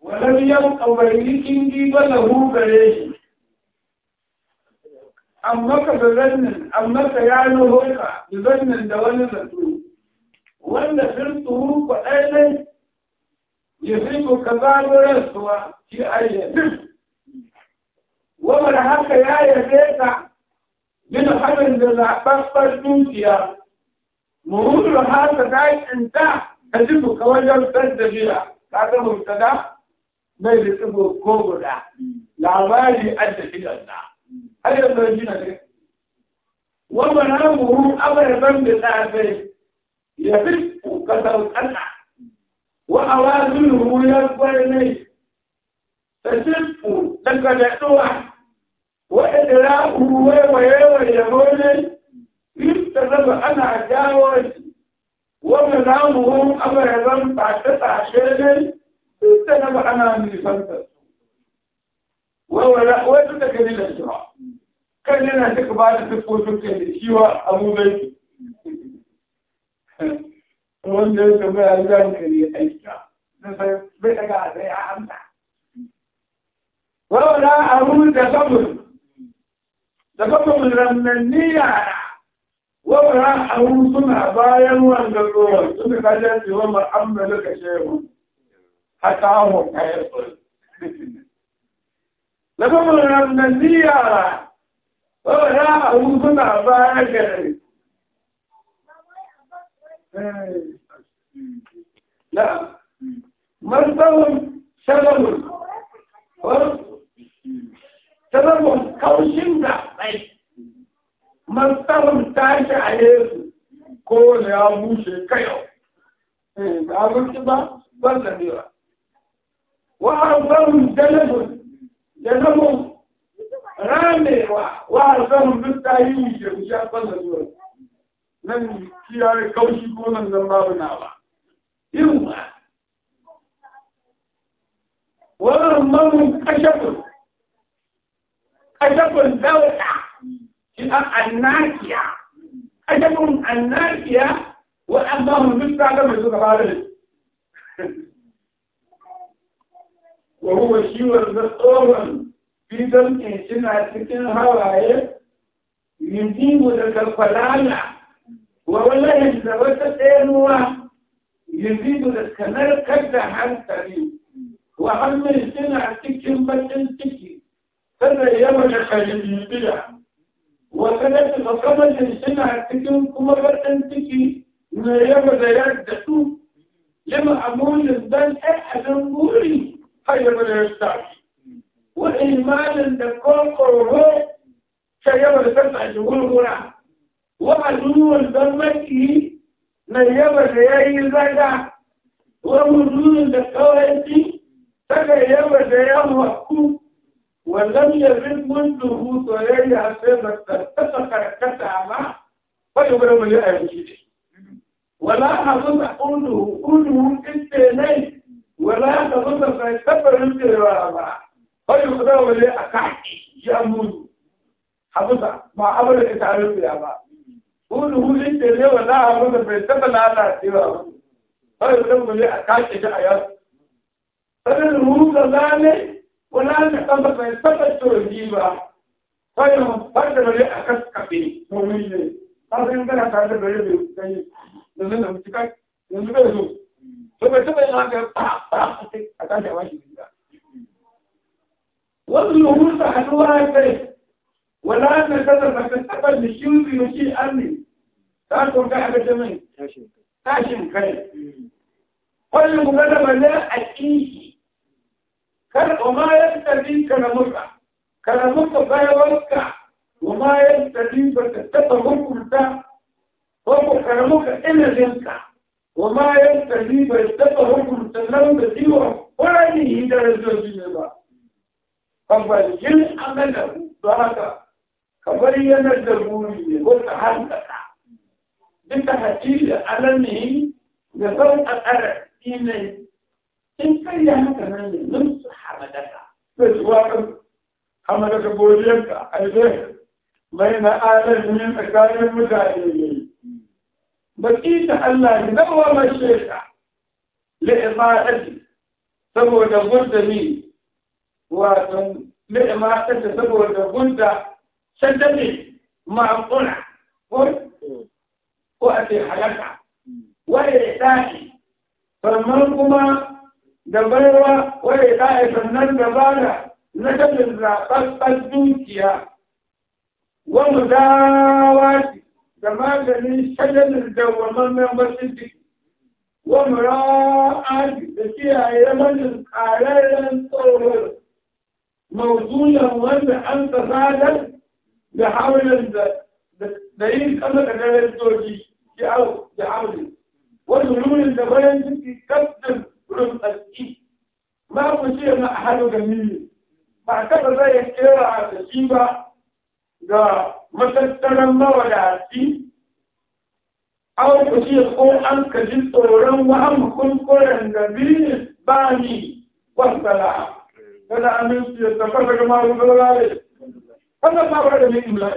ولم يبق بينكم دي بله بريش amma ka bizannin amma ka ya nuhoka bizannin da wani zato wanda sun tsuru kwaɗai ne ya fi ku ka zaɓi rasuwa shi ayyadin wamar haka ya yarda ka bin haɗin da zaɓaɓɓar dukiya muhuru haka ta yi tsinta ka ji ku ka wajen sardabiya kaga mubtada mai litsugo ko guda labari adda shidan da har yanzu shi ne wa manamuhu abarban bi tsafai ya fi kasar kanna wa awazuhu ya kwarne tashifu daga da tsuwa wa idraku wai wai wai yabo ne in ta zaba ana jawo shi ومنامهم أبدا بعد عشان تتنب أنا من فنتس ولا وجدت كذل الجرع كان لنا تقبال تقول في شيوا بيت wanda ya tafi a zan kare aika bai daga a sai a amsa wawala a da kabul wawara abun suna bayan wannan ruwan suka kajar ce wa ma'amma da ka shehu haka hau kayan tsoro labarin ranar ziyara wawara abun suna bayan gari eh. na marzawun shagamun dole ya bushe kayau ba eh, abinci ba ban da nera wa harfarun janabun, janabun ramewa wa harfarun duk yi yi wuce wuce ban da nera nan kiyaye kaushi ko nan zan babu na ba yin ba wa harfarun kashafun kashafun zauta, shi an annakiya أجلهم الناجية وأخذهم بالفعل مجدود خالد وهو شيوى المسؤول في ذلك سنة سكين هواي ينتيب لك الفلالة ووالله إذا وتتينوا يزيد لك نركز عن سبيل وعمل سنة سكين بطن سكين فلا يمنع خليل البدع maganar suna cikin kuma baɗin ciki na yaba da yadda su lima amurin don ai a nan buri har yaba da yadda wa imanin da kokoro ta yaba da sassa shi gurgura wa azuwan don maki na yaba da yayi zaga wa muzunin da فلم يرد منه صيايا سيرك تتكتع معه فيبرم لأيديه ولا حفظ قوله قوله استنين ولا حفظ فيكبر الكرة معه فيبرم لأكحي يأمون حفظ ما أمر الإتعارف يا معه قوله استنين ولا حفظ فيكبر لا تسيبه فيبرم لأكحي يأمون فلن هو كذلك ولا تنبت يستبت ترجيبا فإنهم فردوا لي أخذك في مؤمنين هذا يمكن أن تعرف بريد يعني لأنه متكاك يمكن أن يزوج ثم يتبع يغاك أتاك أواشي بالله وظلهم صحنوا هكذا ولا نتذر لك استقبل لشيوز يشي أمني تاكم كحب الجميع تاشم خير قل المغلبة لا أكيد كان وما يستدين كان مرة كان مرة murra bayawarka وما يستدين فوق كان مرة إلا جنكا وما يستدين فتتفهمك سلام بسيوة ولا يهدى الزوجين الله فالجن عمله ضحك كبرينا الزبوني وتحلق بتحتيل علمه نظر الأرض إيمان إن كان هكذا من حمدك بسواك حمدك بوجهك عزيز بين آلة من أكاين المتعلمين بقيت الله دوم الشيخ لإطاعتي سبوة قلت لي وأن لإماتك سبوة قلت شدني مع القنع وأتي حلقة وإعتاقي فمن da baiwa waye ɗaya sannan da bada na dafin zaɓaɓɓen dukiya wa mu dawa da maganin shagalin dawwamammen bakin ciki wa mu ra'aji da kiyaye manin ƙararren tsoro mawzuyan wanda an tsadar da haulan da yin ƙasa da garin soji da aure wani nunin da bayan ciki kafin ce na hannu da ni ba taɓa zai kera da shi ba ga matattaran mawadaci an ku ce ko an ka ji tsoron wa'an kunkuren da biyu ba ni wasala kada aminci ya ta daga maru da lalai wannan ba da mai imla